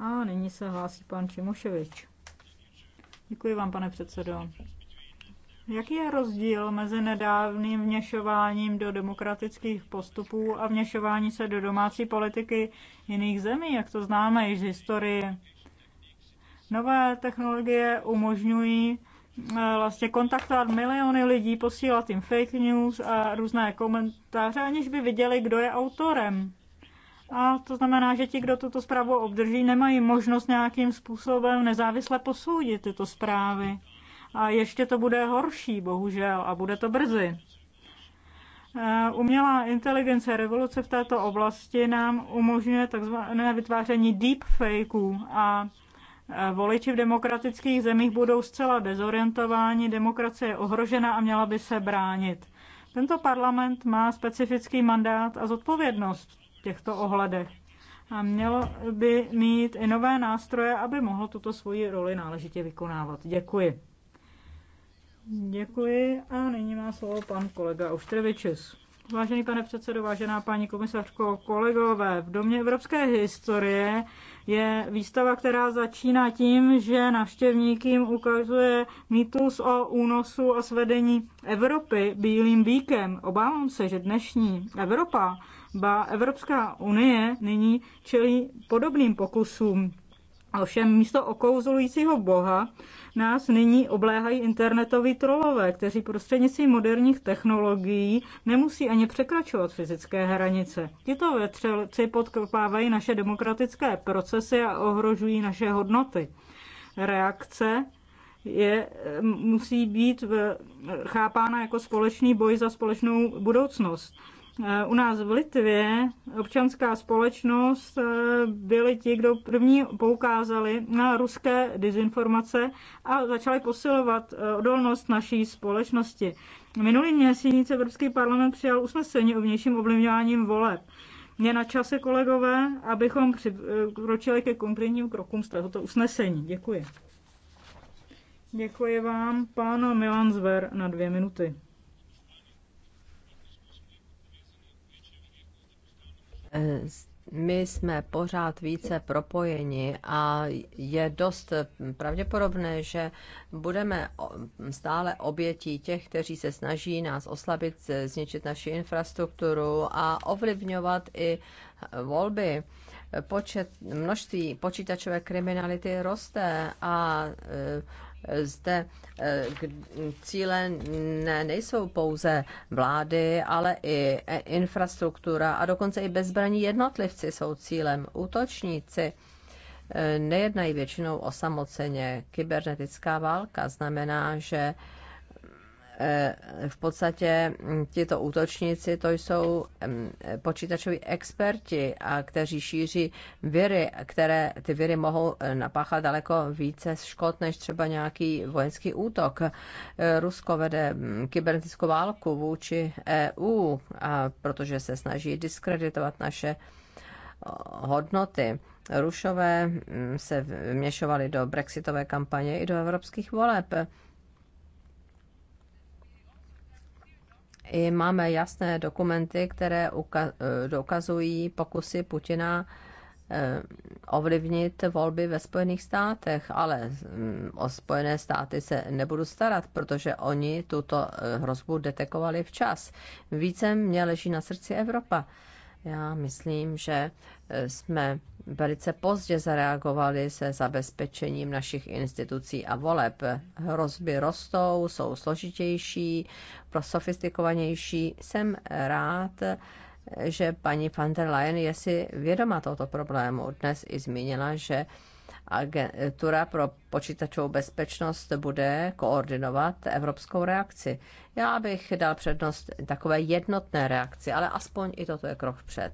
A nyní se hlásí pan Čimoševič. Děkuji vám, pane předsedo. Jaký je rozdíl mezi nedávným vněšováním do demokratických postupů a vněšování se do domácí politiky jiných zemí, jak to známe již z historie? Nové technologie umožňují eh, vlastně kontaktovat miliony lidí, posílat jim fake news a různé komentáře, aniž by viděli, kdo je autorem. A to znamená, že ti, kdo tuto zprávu obdrží, nemají možnost nějakým způsobem nezávisle posoudit tyto zprávy. A ještě to bude horší, bohužel, a bude to brzy. Eh, umělá inteligence revoluce v této oblasti nám umožňuje takzvané vytváření deepfakeů a eh, voliči v demokratických zemích budou zcela dezorientováni, demokracie je ohrožena a měla by se bránit. Tento parlament má specifický mandát a zodpovědnost těchto ohledech. A mělo by mít i nové nástroje, aby mohlo tuto svoji roli náležitě vykonávat. Děkuji. Děkuji a nyní má slovo pan kolega Uštrevičis. Vážený pane předsedo, vážená paní komisařko, kolegové, v Domě evropské historie je výstava, která začíná tím, že navštěvníkům ukazuje mýtus o únosu a svedení Evropy bílým bíkem. Obávám se, že dnešní Evropa Ba Evropská unie nyní čelí podobným pokusům. Ovšem místo okouzlujícího boha nás nyní obléhají internetoví trolové, kteří prostřednictvím moderních technologií nemusí ani překračovat fyzické hranice. Tito vetřelci podkopávají naše demokratické procesy a ohrožují naše hodnoty. Reakce je, musí být chápána jako společný boj za společnou budoucnost. U nás v Litvě občanská společnost eh, byli ti, kdo první poukázali na ruské dezinformace a začali posilovat eh, odolnost naší společnosti. Minulý měsíc Evropský parlament přijal usnesení o vnějším ovlivňování voleb. Je na čase, kolegové, abychom přikročili ke konkrétním krokům z tohoto usnesení. Děkuji. Děkuji vám, pán Milan Zver, na dvě minuty. my jsme pořád více propojeni a je dost pravděpodobné, že budeme stále obětí těch, kteří se snaží nás oslabit, zničit naši infrastrukturu a ovlivňovat i volby. Počet, množství počítačové kriminality roste a e, zde eh, cíle ne, nejsou pouze vlády, ale i eh, infrastruktura a dokonce i bezbraní jednotlivci jsou cílem. Útočníci eh, nejednají většinou osamoceně. Kybernetická válka znamená, že Eh, v podstatě mm, tito útočníci to jsou mm, počítačoví experti, a kteří šíří viry, které ty viry mohou eh, napáchat daleko více škod než třeba nějaký vojenský útok. Eh, Rusko vede mm, kybernetickou válku vůči EU, a protože se snaží diskreditovat naše hodnoty. Rušové se vměšovali do brexitové kampaně i do evropských voleb. i máme jasné dokumenty, které dokazují pokusy Putina eh, ovlivnit volby ve Spojených státech, ale mm, o Spojené státy se nebudu starat, protože oni tuto eh, hrozbu detekovali včas. Více mě leží na srdci Evropa. Já myslím, že e, jsme velice pozdě zareagovali se zabezpečením našich institucí a voleb. Hrozby rostou, jsou složitější, prosofistikovanější. Jsem rád, že paní van der Leyen je si vědoma tohoto problému. Dnes i zmínila, že agentura pro počítačovou bezpečnost bude koordinovat evropskou reakci. Já bych dal přednost takové jednotné reakci, ale aspoň i toto je krok před.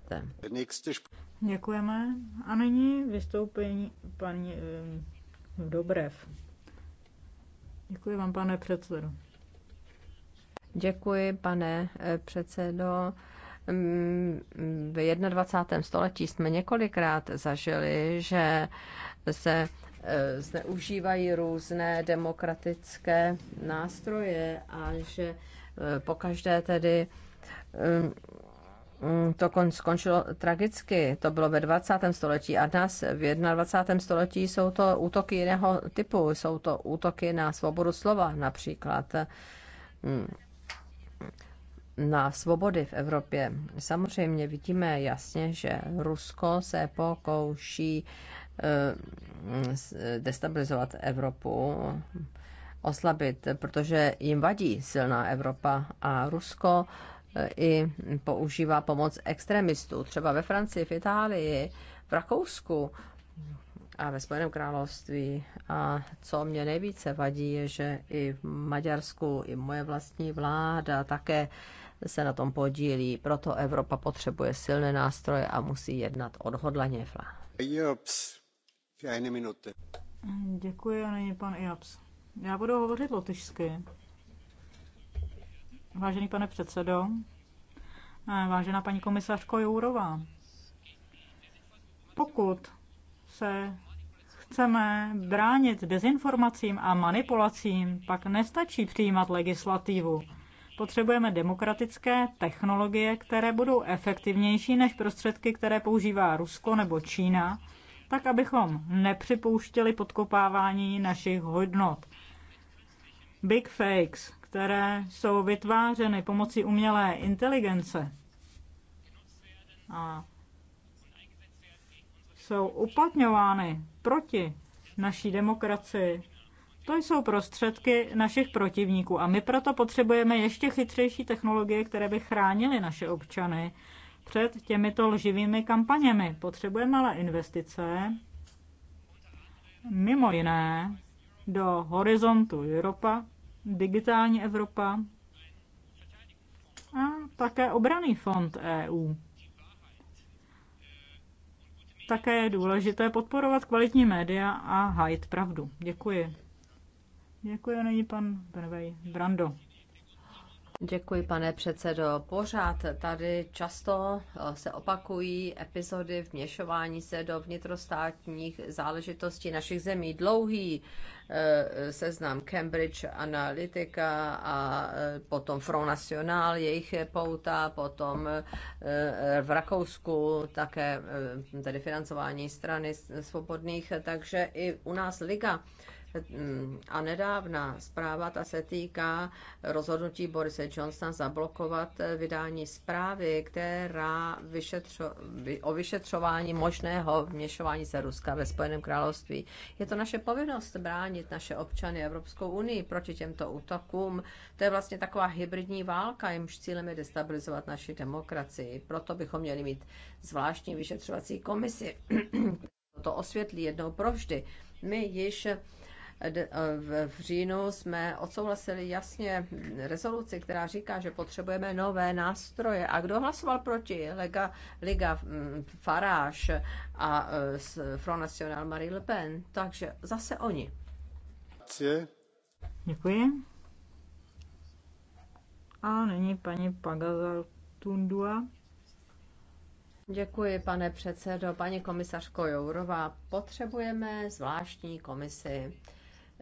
Děkujeme. A nyní vystoupení paní Dobrev. Děkuji vám, pane předsedo. Děkuji, pane eh, předsedo mm, v 21. století jsme několikrát zažili, že se eh, zneužívají různé demokratické nástroje a že eh, pokaždé tedy eh, mm, to skončilo tragicky. To bylo ve 20. století a dnes v 21. století jsou to útoky jiného typu. Jsou to útoky na svobodu slova například mm, na svobody v Evropě. Samozřejmě vidíme jasně, že Rusko se pokouší Eh, eh, destabilizovat Evropu, oslabit, protože jim vadí silná Evropa a Rusko eh, i používá pomoc extremistů, třeba ve Francii, v Itálii, v Rakousku a ve Spojeném království. A co mě nejvíce vadí, je, že i v Maďarsku, i moje vlastní vláda také se na tom podílí. Proto Evropa potřebuje silné nástroje a musí jednat odhodlaně. Děkuji a nyní pan Iaps. Já budu hovořit lotyšsky. Vážený pane předsedo, eh, vážená paní komisařko Jourová, pokud se chceme bránit dezinformacím a manipulacím, pak nestačí přijímat legislativu. Potřebujeme demokratické technologie, které budou efektivnější než prostředky, které používá Rusko nebo Čína, tak abychom nepřipouštěli podkopávání našich hodnot. Big fakes, které jsou vytvářeny pomocí umělé inteligence a jsou uplatňovány proti naší demokracii, to jsou prostředky našich protivníků a my proto potřebujeme ještě chytřejší technologie, které by chránily naše občany před těmito lživými kampaněmi. Potřebujeme ale investice, mimo jiné, do horizontu Europa, digitální Evropa a také obraný fond EU. Také je důležité podporovat kvalitní média a hajit pravdu. Děkuji. Děkuji, není pan Benvej Brando. Děkuji, pane předsedo. Pořád tady často eh, se opakují epizody vměšování se do vnitrostátních záležitostí našich zemí. Dlouhý eh, seznam Cambridge Analytica a eh, potom Front National, jejich pouta, potom v Rakousku také tady financování strany svobodných, takže i u nás Liga Mm, a nedávná zpráva ta se týká rozhodnutí Borise Johnsona zablokovat eh, vydání zprávy, která vyšetřo, o vyšetřování možného vměšování se Ruska ve Spojeném království. Je to naše povinnost bránit naše občany Evropskou unii proti těmto útokům. To je vlastně taková hybridní válka, jimž cílem je destabilizovat naši demokracii. Proto bychom měli mít zvláštní vyšetřovací komisi. to osvětlí jednou provždy. My již Eh, v říjnu jsme odsouhlasili jasně rezoluci, která říká, že potřebujeme nové nástroje. A kdo hlasoval proti? Liga, Liga mm, Farage a eh, Front National Marie Le Pen. Takže zase oni. Děkuji. A nyní paní Pagazal Tundua. Děkuji, pane předsedo. Paní komisařko Jourová, potřebujeme zvláštní komisi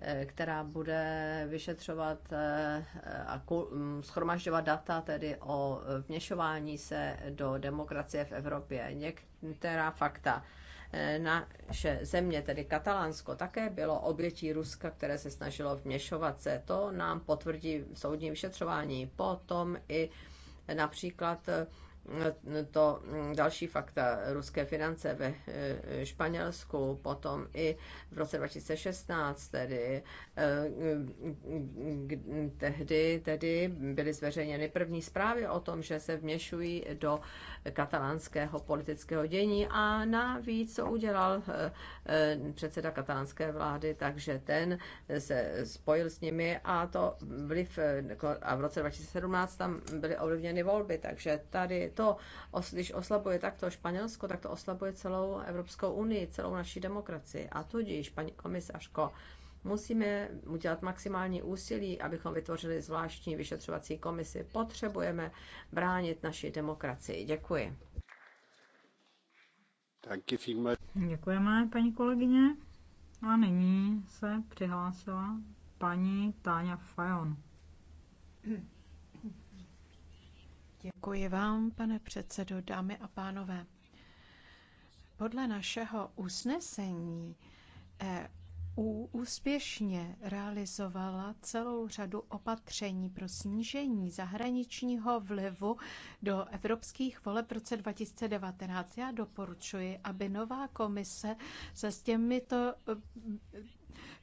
Eh, která bude vyšetřovat eh, eh, a mm, schromažďovat data tedy o vměšování se do demokracie v Evropě. Některá fakta. Naše země, tedy Katalánsko, také bylo obětí Ruska, které se snažilo vměšovat se. To nám potvrdí soudní vyšetřování. Potom i například to mm, další fakta, ruské finance ve eh, Španělsku, potom i v roce 2016, tedy eh, tehdy, tedy byly zveřejněny první zprávy o tom, že se vměšují do katalánského politického dění a navíc, co udělal eh, předseda katalánské vlády, takže ten se spojil s nimi a to vliv a v roce 2017 tam byly ovlivněny volby, takže tady to, když oslabuje takto Španělsko, tak to oslabuje celou Evropskou unii, celou naší demokracii. A tudíž, paní komisařko, musíme udělat maximální úsilí, abychom vytvořili zvláštní vyšetřovací komisi. Potřebujeme bránit naši demokracii. Děkuji. Děkujeme, paní kolegyně. A nyní se přihlásila paní Táňa Fajon. Děkuji vám, pane předsedo, dámy a pánové. Podle našeho usnesení EU úspěšně realizovala celou řadu opatření pro snížení zahraničního vlivu do evropských voleb v roce 2019. Já doporučuji, aby nová komise se s těmito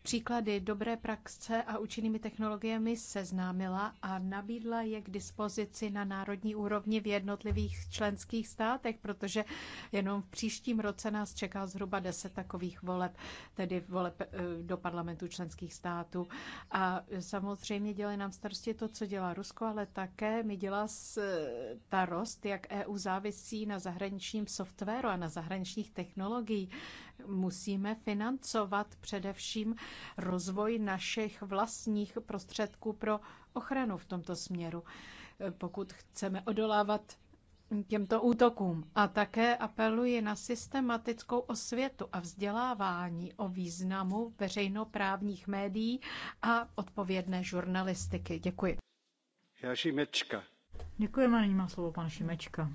příklady dobré praxe a účinnými technologiemi seznámila a nabídla je k dispozici na národní úrovni v jednotlivých členských státech, protože jenom v příštím roce nás čeká zhruba 10 takových voleb, tedy voleb eh, do parlamentu členských států. A samozřejmě dělají nám starosti to, co dělá Rusko, ale také mi dělá eh, ta rost, jak EU závisí na zahraničním softwaru a na zahraničních technologiích. Musíme financovat především rozvoj našich vlastních prostředků pro ochranu v tomto směru, pokud chceme odolávat těmto útokům. A také apeluji na systematickou osvětu a vzdělávání o významu veřejnoprávních médií a odpovědné žurnalistiky. Děkuji. Já Šimečka. Děkujeme, nyní má slovo pan Šimečka.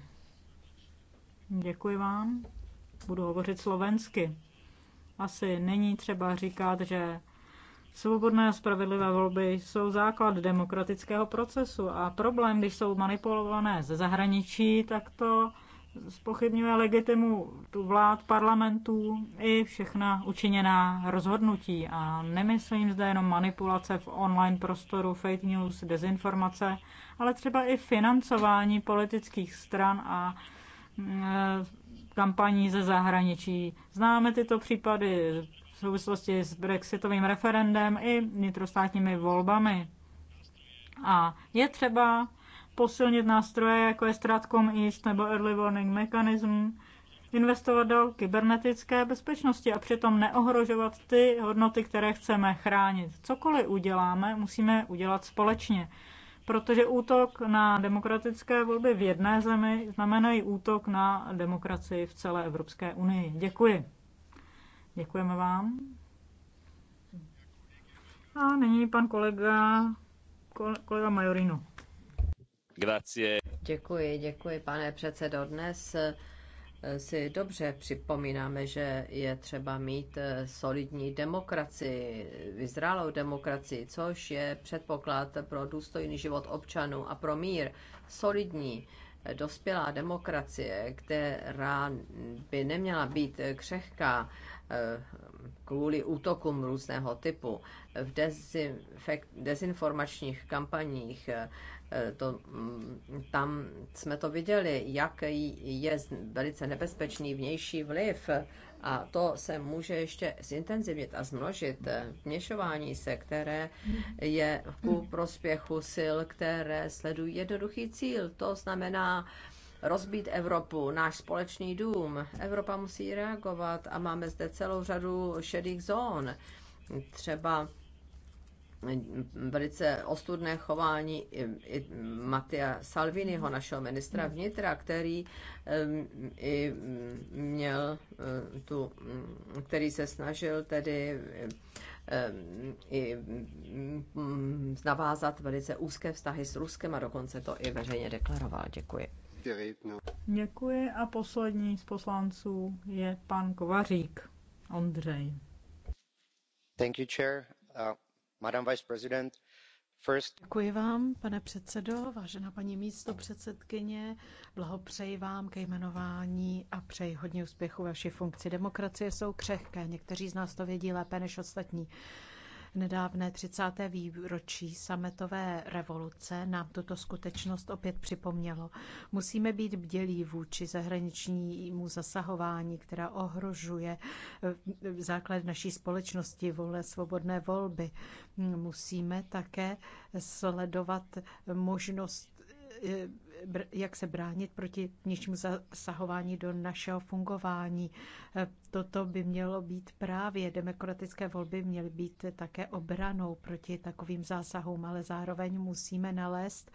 Děkuji vám. Budu hovořit slovensky. Asi není třeba říkat, že svobodné a spravedlivé volby jsou základ demokratického procesu a problém, když jsou manipulované ze zahraničí, tak to spochybňuje legitimu tu vlád, parlamentů i všechna učiněná rozhodnutí. A nemyslím zde jenom manipulace v online prostoru, fake news, dezinformace, ale třeba i financování politických stran a mm, kampaní ze zahraničí. Známe tyto případy v souvislosti s brexitovým referendem i vnitrostátními volbami. A je třeba posilnit nástroje, jako je Stratcom East nebo Early Warning Mechanism, investovat do kybernetické bezpečnosti a přitom neohrožovat ty hodnoty, které chceme chránit. Cokoliv uděláme, musíme udělat společně protože útok na demokratické volby v jedné zemi znamená i útok na demokracii v celé Evropské unii. Děkuji. Děkujeme vám. A nyní pan kolega, kolega Majorino. Grazie. Děkuji, děkuji, pane předsedo. Dnes si dobře připomínáme, že je třeba mít eh, solidní demokracii, vyzrálou demokracii, což je předpoklad pro důstojný život občanů a pro mír. Solidní, eh, dospělá demokracie, která by neměla být křehká, eh, kvůli útokům různého typu v dezinformačních kampaních, eh, to, mm, tam jsme to viděli, jak je velice nebezpečný vnější vliv a to se může ještě zintenzivnit a zmnožit eh, vměšování se, které je ku prospěchu sil, které sledují jednoduchý cíl. To znamená rozbít Evropu, náš společný dům. Evropa musí reagovat a máme zde celou řadu šedých zón. Třeba velice ostudné chování Matia Salviniho, našeho ministra vnitra, který i měl tu, který se snažil tedy i navázat velice úzké vztahy s Ruskem a dokonce to i veřejně deklaroval. Děkuji. No. Děkuji a poslední z poslanců je pan Kovařík Ondřej. Thank you, chair. Uh, Madam Vice President, First. Děkuji vám, pane předsedo, vážená paní místo předsedkyně, blahopřeji vám ke jmenování a přeji hodně úspěchu vaší funkci. Demokracie jsou křehké, někteří z nás to vědí lépe než ostatní. Nedávné 30. výročí sametové revoluce nám tuto skutečnost opět připomnělo. Musíme být bdělí vůči zahraničnímu zasahování, která ohrožuje eh, základ naší společnosti vole svobodné volby. Musíme také sledovat možnost eh, jak se bránit proti vnějšímu zasahování do našeho fungování. E, toto by mělo být právě, demokratické volby měly být také obranou proti takovým zásahům, ale zároveň musíme nalézt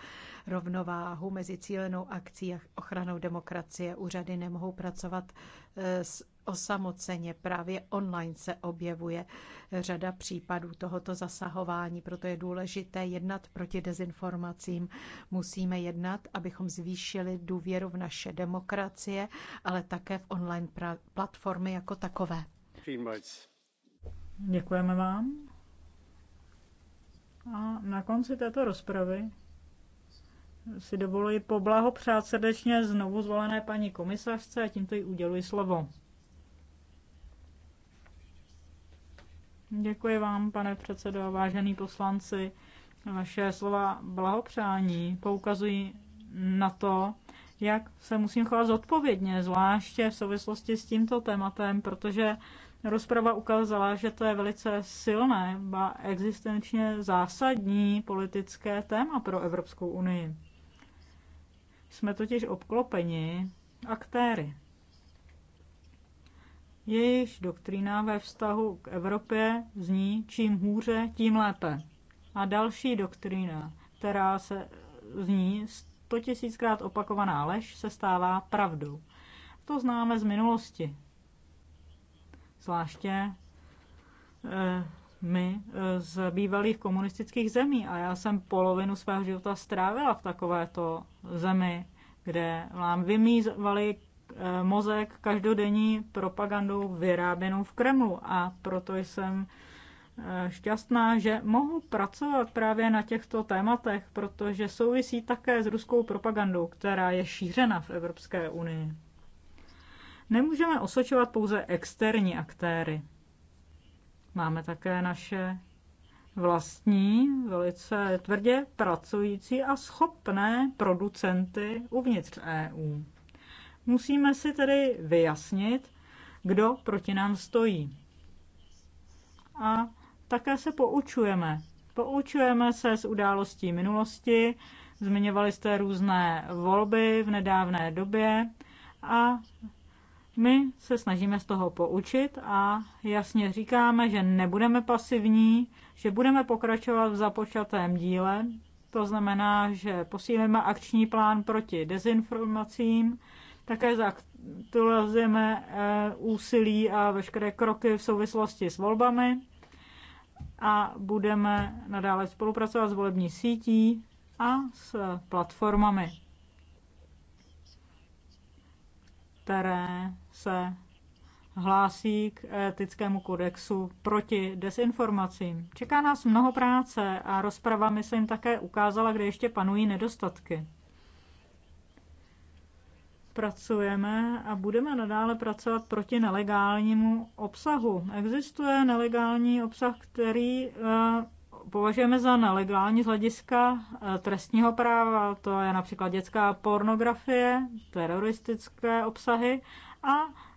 rovnováhu mezi cílenou akcí a ochranou demokracie. Úřady nemohou pracovat e, s osamoceně právě online se objevuje řada případů tohoto zasahování, proto je důležité jednat proti dezinformacím. Musíme jednat, aby abychom zvýšili důvěru v naše demokracie, ale také v online platformy jako takové. Děkujeme vám. A na konci této rozpravy si dovoluji poblahopřát srdečně znovu zvolené paní komisařce a tímto jí uděluji slovo. Děkuji vám, pane předsedo, vážený poslanci. Vaše slova blahopřání poukazují na to, jak se musím chovat zodpovědně, zvláště v souvislosti s tímto tématem, protože rozprava ukázala, že to je velice silné, a existenčně zásadní politické téma pro Evropskou unii. Jsme totiž obklopeni aktéry. Jejich doktrína ve vztahu k Evropě zní čím hůře, tím lépe. A další doktrína, která se zní Sto tisíckrát opakovaná lež se stává pravdou. To známe z minulosti. Zvláště eh, my eh, z bývalých komunistických zemí a já jsem polovinu svého života strávila v takovéto zemi, kde vám vymývali eh, mozek každodenní propagandou vyráběnou v Kremlu a proto jsem Eh, šťastná, že mohu pracovat právě na těchto tématech, protože souvisí také s ruskou propagandou, která je šířena v Evropské unii. Nemůžeme osočovat pouze externí aktéry. Máme také naše vlastní, velice tvrdě pracující a schopné producenty uvnitř EU. Musíme si tedy vyjasnit, kdo proti nám stojí. A také se poučujeme. Poučujeme se z událostí minulosti, zmiňovali jste různé volby v nedávné době a my se snažíme z toho poučit a jasně říkáme, že nebudeme pasivní, že budeme pokračovat v započatém díle. To znamená, že posílíme akční plán proti dezinformacím, také zaktualizujeme eh, úsilí a veškeré kroky v souvislosti s volbami a budeme nadále spolupracovat s volební sítí a s platformami, které se hlásí k etickému kodexu proti desinformacím. Čeká nás mnoho práce a rozprava, myslím, také ukázala, kde ještě panují nedostatky pracujeme a budeme nadále pracovat proti nelegálnímu obsahu. Existuje nelegální obsah, který eh, považujeme za nelegální z hlediska eh, trestního práva, to je například dětská pornografie, teroristické obsahy a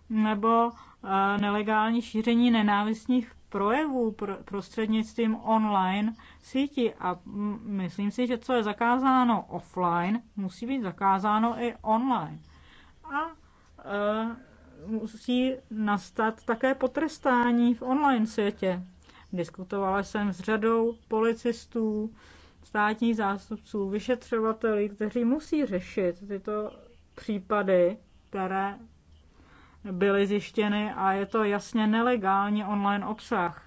nebo eh, nelegální šíření nenávistných projevů prostřednictvím online síti. A mm, myslím si, že co je zakázáno offline, musí být zakázáno i online a eh, musí nastat také potrestání v online světě. Diskutovala jsem s řadou policistů, státních zástupců, vyšetřovatelů, kteří musí řešit tyto případy, které byly zjištěny a je to jasně nelegální online obsah.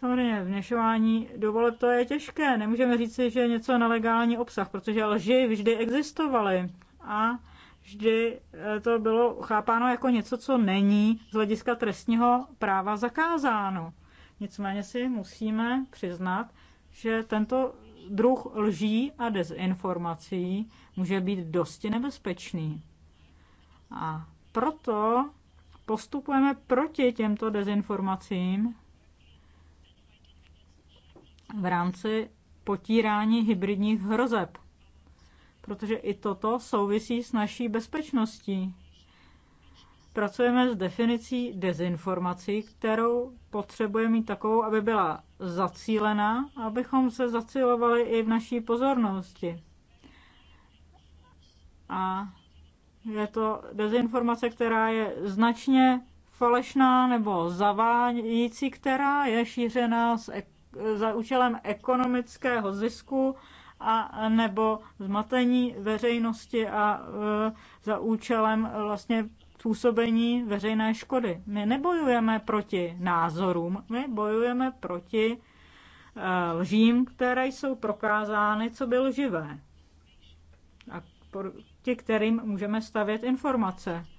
Samozřejmě vněšování do voleb to je těžké. Nemůžeme říci, že je něco nelegální obsah, protože lži vždy existovaly a vždy e, to bylo chápáno jako něco, co není z hlediska trestního práva zakázáno. Nicméně si musíme přiznat, že tento druh lží a dezinformací může být dosti nebezpečný. A proto postupujeme proti těmto dezinformacím v rámci potírání hybridních hrozeb protože i toto souvisí s naší bezpečností. Pracujeme s definicí dezinformací, kterou potřebujeme mít takovou, aby byla zacílená, abychom se zacílovali i v naší pozornosti. A je to dezinformace, která je značně falešná nebo zavádějící, která je šířená s, za účelem ekonomického zisku a nebo zmatení veřejnosti a e, za účelem vlastně působení veřejné škody. My nebojujeme proti názorům, my bojujeme proti e, lžím, které jsou prokázány, co by lživé. A ti, kterým můžeme stavět informace.